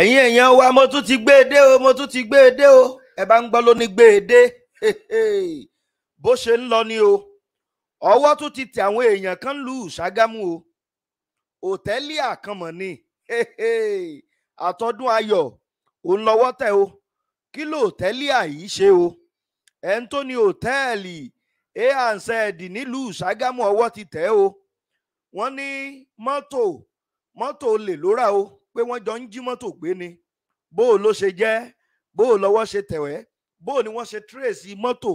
ẹ̀yin èèyàn wa mo tún ti gbé e dé o mo tún ti gbé e dé o ẹ bá ń gbọ́ ló ní gbé e dé bó ṣe ń lọ ni o ọwọ́ tún ti tẹ àwọn èèyàn kan lù Ṣàgámù o òtẹ́ẹ̀lì àkànmọ̀ ni àtọ́dún ayọ̀ òun lọ́wọ́ tẹ̀ o kí ló òtẹ́ẹ̀lì àyí ṣe o ẹ̀ ń tó ni òtẹ́ẹ̀lì ansẹ́ẹ̀dì nílùú Ṣàgámù ọwọ́ ti tẹ̀ o wọ́n ní mọ́tò mọ́tò olè ló rà o pé wọ́n jọ ń jí mọ́tò gbé ni bó o ló ṣe jẹ́ bó o lọ́wọ́ ṣe tẹ̀wẹ́ bó o ni wọ́n ṣe tírèsì mọ́tò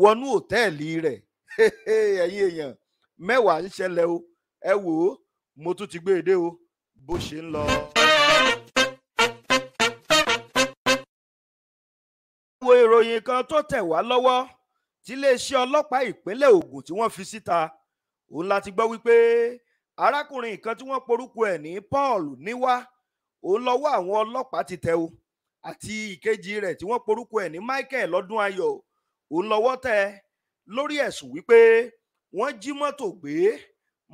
wọnú òtẹ́ẹ̀lì rẹ̀ ẹ̀yin èèyàn mẹ́wàá ń ṣẹlẹ̀ o ẹ wò ó mo tún ti gbé e dé o bó ṣe ń lọ. wo ìròyìn kan tó tẹ̀ wá lọ́wọ́ tiléeṣẹ́ ọlọ́pàá ìpínlẹ̀ Ògùn tí wọ́n fi síta òun láti gbọ́ wípé arákùnrin kan tí wọ́n porúkọ ẹ̀ ní Paul níwá òun lọ́wọ́ àwọn ọlọ́pàá ti tẹ̀ o àti ìkejì rẹ̀ tí wọ́n porúkọ ẹ̀ ní Michael lọ́dún ayọ̀ òun lọ́wọ́ tẹ̀ lórí ẹ̀sùn wípé wọ́n jí mọ́tò gbé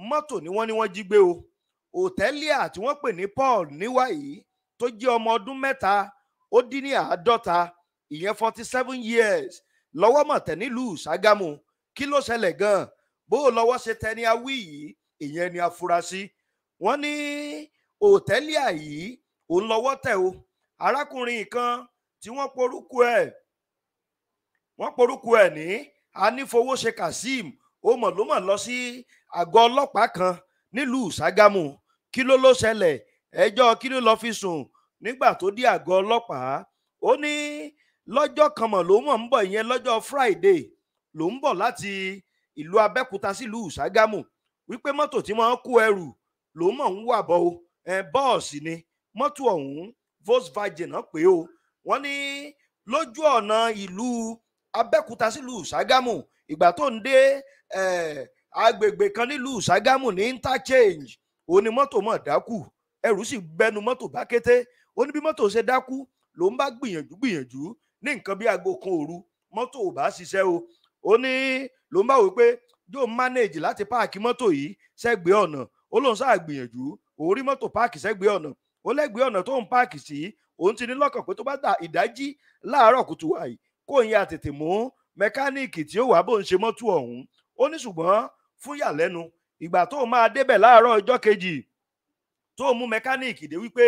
mọ́tò ni wọ́n ní wọ́n jí gbé o òtẹ́líà tí wọ́n pè ní Paul níwáyìí tó jẹ́ ọmọ ọdún mẹ́ta ó dín ní àádọ́ta ìyẹn forty seven years lọ́wọ́ mọ̀tẹ́ nílùú Ṣàgámù kí ló ṣẹlẹ̀ gan-an bó lọ́wọ́ ṣe tẹ ní awí yìí ìyẹn ni afurasí wọ́n ní òtẹ́líà yìí òun lọ́wọ́ tẹ̀ o arákùnrin kan tí wọ́n porúkọ ẹ̀ wọ́n porúkọ ẹ̀ ní anífowóṣe kazeem ó mọ̀ ló mọ̀ lọ sí àgọ́ ọlọ́pàá kan nílùú ṣàgámù kí ló ló ṣẹlẹ̀ ẹjọ́ kí ló lọ fi sùn nígbà tó dé àgọ́ ọlọ́pàá ó ní lọ́jọ́ kan mọ̀ ló mọ̀ ń bọ̀ ìyẹn lọ́jọ́ friday ló ń bọ̀ láti ìlú abẹ́kúta sílùú ṣàgámù wípé mọ́tò tí wọ́n kó ẹrù ló mọ̀ ń wà bọ́ ẹ bọ́ọ̀sì ni mọ́tò ọ̀hún Volkswagen náà pé o wọ́n ní lójú ọ̀nà ìlú Abẹ́òkúta sílùú Ṣàgámù ìgbà tó ń dé agbègbè kan nílùú Ṣàgámù ní interchange òní mọ́tò mọ̀ dákú ẹrù sì gbẹnu mọ́tò bá kété ó ní bí mọ́tò ṣe dákú ló ń bá gbìyànjú gbìyànjú ní nǹkan bí aago kan òru mọ́tò ò bá ṣiṣẹ́ o ó ní ló ń bá wò pé yóò manage láti páàkì mọ́tò yìí sẹ́gbẹ̀ẹ́ ọ̀nà ó lóun sáà gbìyànjú òun rí mọ́tò páàkì sẹ́gbẹ̀ẹ́ ọ̀nà ó lẹ́gbẹ̀ẹ́ ọ̀nà tó ń páàkì sí òun ti ní lọ́kàn pé tó bá dà ìdájí láàárọ̀ kùtù wàyí kó ń ya tètè mú mẹkáníìkì tí ó wà bó ń ṣe mọ́tò ọ̀hún ó ní ṣùgbọ́n fún yàlẹ́nu ìgbà tó máa débẹ̀ láàárọ̀ ọjọ́ kejì tó mú mẹkáníìkì dé wípé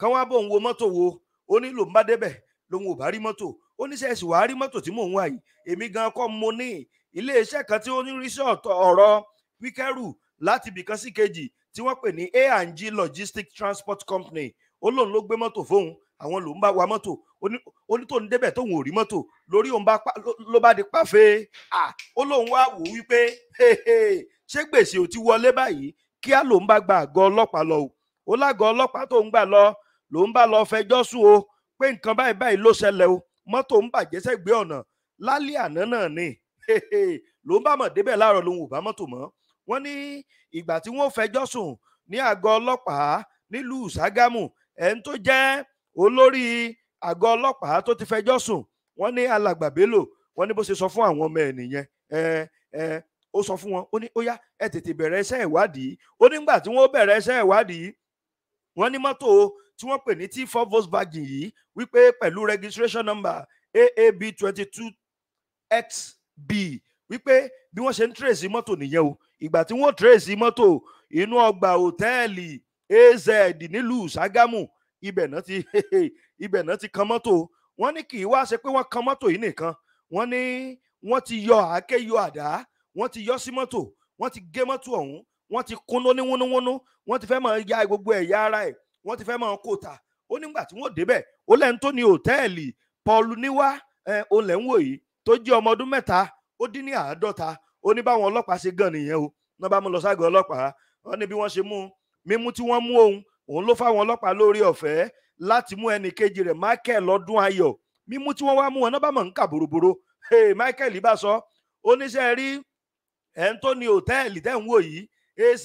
kán wá bóun wo mọ́tò wo ó ní lòun bá débẹ̀ lòun ò bá rí mọ́tò ó ní sẹ́ẹ̀sì wàá rí mọ́tò tí mò ń wà yìí èmi gan kọ́ mo ní iléeṣẹ́ kan tí ó ní rí ọ̀rọ̀ píkẹ́rù láti ibìkan sí kejì tí wọ́n pè ní A&G Logistic Transport Company ó lóun ló gbé mọ́tò fóun àwọn lòun bá wa mọ́tò onítòun débẹ̀ tóun ò rí mọ́tò lórí òun ló bá di pàfé ó lóun wá wò wípé ṣé gbèsè ò ti wọlé báyìí kíá lòun bá gba àgọ́ ọlọ́pàá lọ o ó lágọ̀ọ́ ọlọ́pàá tóun gbà lọ lòun bá lọ fẹjọ́ sùn o pé nǹkan báyìí báyìí ló ṣẹlẹ̀ o mọ́tò ń bàjẹ́ sẹ́gbẹ́ ọ̀nà lálẹ́ àná náà ni lòun bá mọ̀ débẹ̀ láàárọ̀ lòun ò bá mọ́tò mọ́ wọ́n ní ìgbà tí wọ́n fẹjọ́ sùn ní àgọ́ ọlọ́pàá nílùú Ṣàgámù ẹni tó jẹ́ olórí àgọ́ ọlọ́pàá tó ti fẹjọ́ sùn wọ́n ní alàgbà Bello wọ́n ní bó ṣe sọ fún àwọn ọmọ ẹ̀ nìyẹn ó sọ fún wọn ó ní ó yá ẹ tètè bẹ̀rẹ̀ iṣẹ́ ìwádìí ó nígbà tí wọ́n bẹ̀rẹ̀ iṣẹ́ ìwádìí wọ́n ní mọ́tò tí wọ́n pè ní T4 Volkswagen yìí wípé pẹ̀lú registration number AAB twenty two XB wípé bí wọ́n ṣe ń tírèsì mọ́tò nìyẹn o ìgbà tí wọ́n tírèsì mọ́tò inú ọgbà òtẹ́ẹ̀lì az nílùú Ṣàgámù ibẹ̀ náà ti ibẹ̀ náà ti kan mọ́tò wọ́n ní kì í wá ṣe pé wọ́n kan mọ́tò yìí nìkan wọ́n ní wọ́n ti yọ àáké yọ àdá wọ́n ti yọ sí mọ́tò wọ́n ti gé mọ́tò ọ̀hún wọ́n ti kúnná ní wúnúwúnú wọ́n ti fẹ́ máa ya gbogbo ẹ̀yà ara ẹ̀ wọ́n ti fẹ́ máa kó ta ó nígbà tí wọ́n débẹ̀ ó lẹ́nu tó ní òtẹ́ẹ̀lì Paul Niwa òun lẹ́ ń wò yìí tó jẹ́ ọmọ ọdún mẹ́ta ó dín ní àádọ́ta ó ní báwọn ọlọ́pàá ṣe gan nìyẹn o náà bá mú lọ ságọ̀ ọlọ́pàá wọ́n ní bí wọ́n ṣe mú mímú tí wọ́n mú òun òun ló fáwọn ọlọ́pàá lórí ọ̀fẹ́ láti mú ẹnì kejì rẹ̀ Michael lọ́dún ayọ̀ mímú tí wọ́n wá mú wọn náà bá mọ̀ ń kà bòròbòrò hey Michael ibà sọ ó ní ṣe rí ẹ̀ ń tó ní hòtẹ́ẹ̀lì tẹ́ ń wò yìí az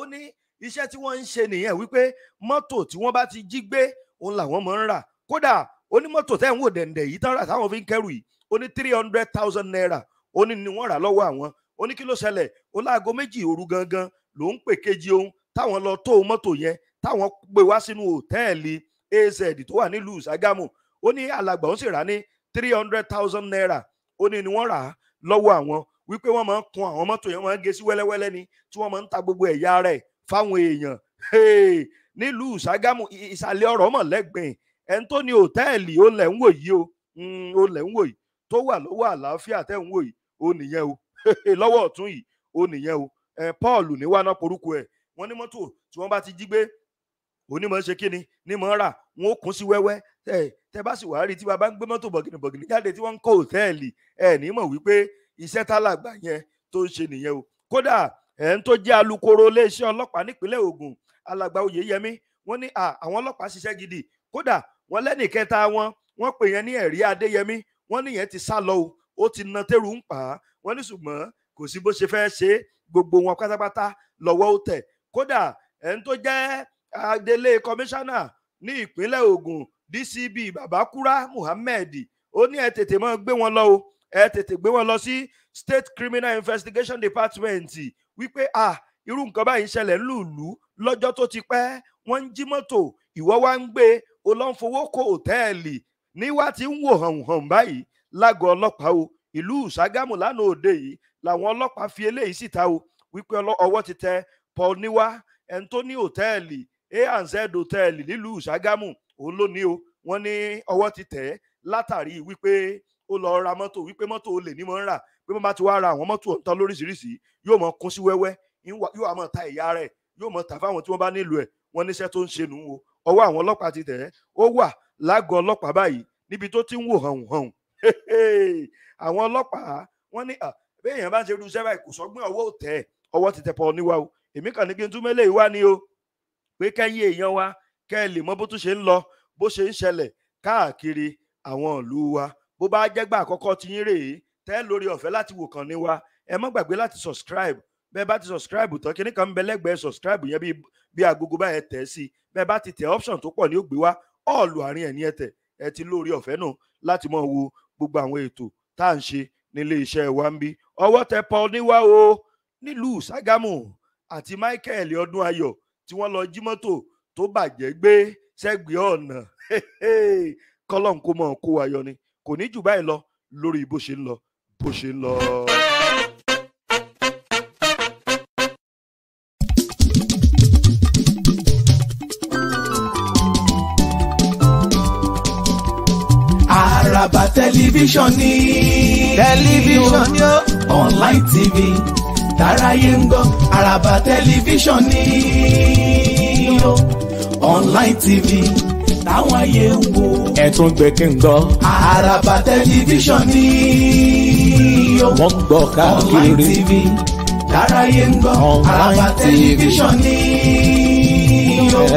ó ní iṣẹ́ tí wọ́n ń ṣe nìyẹn wípé mọ́tò tí wọ́n bá ti jí gbé òun làwọn mọ̀ ń rà kódà onímọ́tò tẹ́ ń wò dẹ̀ǹdẹ̀ yìí tán rà táwọn fi ń kẹ́rù yìí ó ní three hundred thousand naira ó ní ni wọ́n rà lọ́wọ́ àwọn ó ní kí ló ṣẹlẹ̀ ó láago méjì òru gangan ló ń pè kejì òun táwọn lọ tó mọ́tò yẹn táwọn gbé wá sínú òtẹ́ẹ̀lì az tó wà nílùú Ṣàgámù ó ní alàgbà òun sì rà ní three hundred thousand naira ó ní ni wọ́n rà á lọ́wọ́ àwọn wípé wọ́n máa ń kun àwọn mọ́tò yẹn wọ́n máa ń gé sí wẹ́lẹ́wẹ́lẹ́ ni tí wọ́n máa ń ta gbogbo ẹ̀yà rẹ̀ fáwọn èèyàn nílùú Ṣàgámù ìsàlẹ̀ ọ̀rọ̀ mọ̀ lẹ́gbẹ̀ẹ́ ẹni tó ní òtẹ́ẹ̀lì ó lẹ̀ ń wò yìí hmm, ó lẹ̀ ń wò yìí tó wà lọ́wọ́ àlàáfíà tẹ̀ ń wò yìí ó nìyẹn o lọ́wọ́ ọ̀tún yìí ó nìyẹn o Paul ní wàá náà porúkọ ẹ̀ wọ́n ní mọ́tò tí wọ́n bá ti jí gbé onímọ̀ ṣe kíni nímọ̀ rà wọn ó kún sí wẹ́wẹ́ ẹ tẹ bá sì wàá rí tí bàbá ń gbé mọ́tò bọ̀gìnì bọ̀gìnì jáde tí wọ́n ń kọ́ òtẹ́ẹ̀lì ẹ ní mọ̀ wípé iṣẹ́ tálàgbà yẹn tó ń ṣe nìyẹn o kódà ẹ̀ ń tó jẹ́ alukoro iléeṣẹ́ ọlọ́pàá nípínlẹ̀ Ògùn alàgbà Oyèyẹmí wọ́n ní àwọn ọlọ́pàá ṣiṣẹ́ gidi kódà wọ́n lẹ́nìkẹta wọn wọ́n pè yẹn ní ẹ̀rí Adéyẹmí wọ́n níyẹn ti sá lọ o ó ti na tẹ́rù ń pa á wọ́n ní ṣùgbọ́n kò sí bó ṣe fẹ́ ṣe gbogbo wọn pátápátá lọ́wọ́ ó tẹ̀ kódà ẹni tó jẹ́ adelé kọmíṣánná ní ìpínlẹ̀ Ògùn DCB Babakura Muhammed ó ní ẹ tètè máa gbé wọn lọ o ẹ tètè gbé wọn lọ sí State Criminal Investigation Department wípé ah irú nǹkan báyìí ń ṣẹlẹ̀ ńlùlù lọ́jọ́ tó ti pẹ́ wọ́n ń jí mọ́tò ìwọ́ wá ń gbé o lọ́n fowó kó òtẹ́ẹ̀lì níwá tí ń wò hànhàn báyìí lágọ̀ọ́ ọlọ́pàá o ìlú Ṣàgámù lánàá òde yìí làwọn ọlọ́pàá fi eléyìí síta o wípé ọwọ́ ti tẹ Paul níwá ẹni tó ní òtẹ́ẹ̀lì ANZ òtẹ́ẹ̀lì nílùú Ṣàgámù òun ló ní o wọ́n ní ọwọ́ ti tẹ̀ ẹ́ látàrí wípé ó lọ ra mọ́tò wípé mọ́tò olè ní mọ́ ń rà pé bá ti wá ra àwọn mọ́tò ọ̀ǹtàn lóríṣiríṣi yóò mọ kún sí wẹ́wẹ́ yóò àmọ́ ta ìyá rẹ̀ yóò mọ tà fáwọn tí wọ́n bá nílò ẹ̀ wọ́n níṣẹ́ tó ń ṣe nù ú o ọwọ́ àwọn ọlọ́pàá ti tẹ̀ ẹ́ ó wà lágọ̀ọ́ ọlọ́pàá báyìí níbi tó ti ń wò hàn hàn àwọn ọlọ́pàá wọ́n ní béèyàn bá ń ṣe irú iṣẹ́ báyìí kò sọ́gbọ́n ọwọ́ ò tẹ̀ ọwọ́ ti tẹ̀ pọ̀ níwá o èmi kàn ní kí n tún mẹ́lẹ̀ wá ni o pé kẹ́yìn èèyàn wa kẹ́ ẹ lè mọ bó tún ṣe ń lọ bó ṣe ń ṣẹlẹ̀ káàkiri àwọn ìlú wa bó bá jẹ́gbà àkọ́kọ́ ti yín rèé tẹ́ lórí ọ̀fẹ́ láti wò kàn ní wa ẹ má gbàgbé láti subscribe bẹ́ẹ̀ bá ti subscribe tán kíní kan ń bẹ lẹ́gbẹ̀ẹ́ subscribe yẹn bí bí agogo báyẹn tẹ̀ sí i bẹ́ẹ̀ bá ti tẹ option tó pọ̀ ní ògbé wá ọ̀ọ̀lù àárín ẹ̀ ní ẹ̀ tẹ̀ ẹ̀ ti lórí ọ̀fẹ́ náà láti máa wo gbogbo àwọn ètò tá à ń ṣe nílé iṣẹ́ wa ń bí ọwọ́ tẹ Paul níwá o nílùú Ṣàgámù àti Michael ọdún ayọ̀ tí wọ́n lọ jí mọ́tò tó bàjẹ́ gbé sẹ́gbẹ̀ẹ́ ọ̀nà kọ́lọ́n kó mọ̀ kó wa yọ ni kò ní jù báyìí lọ lórí bó ṣe ń lọ bó ṣe ń lọ. tẹlifíṣàn ni. tẹlifíṣàn ni ó. online tv tàráyé ń gbọ́ àràbà tẹlifíṣàn ni online tv táwọn ayé ń wo. ẹ̀tún gbẹ̀kẹ̀ ń gbọ́. àràbà tẹlifíṣàn ni wọ́n gbọ́ káàkiri. online tv tàráyé ń gbọ́ àràbà tẹlifíṣàn ni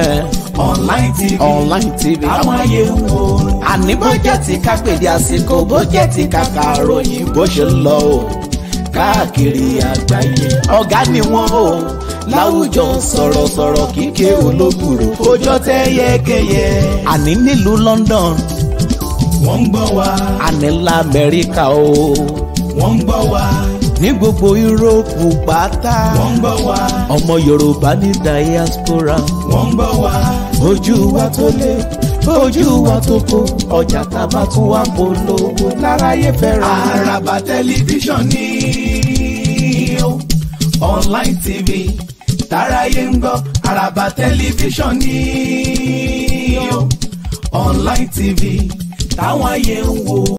eh. online tv online tv àwọn ayé ń wo àní bó jẹ́ ti ká pèdé àsìkò bó jẹ́ ti ká kàròyìn bó ṣe ń lọ o káàkiri àgbáyé ọ̀gá ni wọ́n o láwùjọ sọ̀rọ̀sọ̀rọ̀ kíkẹ́ olóbùrò ọjọ́ tẹ́ yẹ́kẹ́yẹ́ àní nílùú London wọ́n ń gbọ́ wa àní la Amẹ́ríkà o wọ́n ń gbọ́ wa ní gbogbo yúróòpù pátá. wọ́n ń gbọ́ wa. ọmọ yorùbá ní diaspora. wọ́n ń gbọ́ wa. ojú wa tó lé tójú wa tó kó ọjà tá a bá tún wá polówó láráyé fẹ́ràn. àràbà tẹlifíṣàn ni ó online tv táráyé ń gbọ́ àràbà tẹlifíṣàn ni ó online tv táwọn ayé ń wò.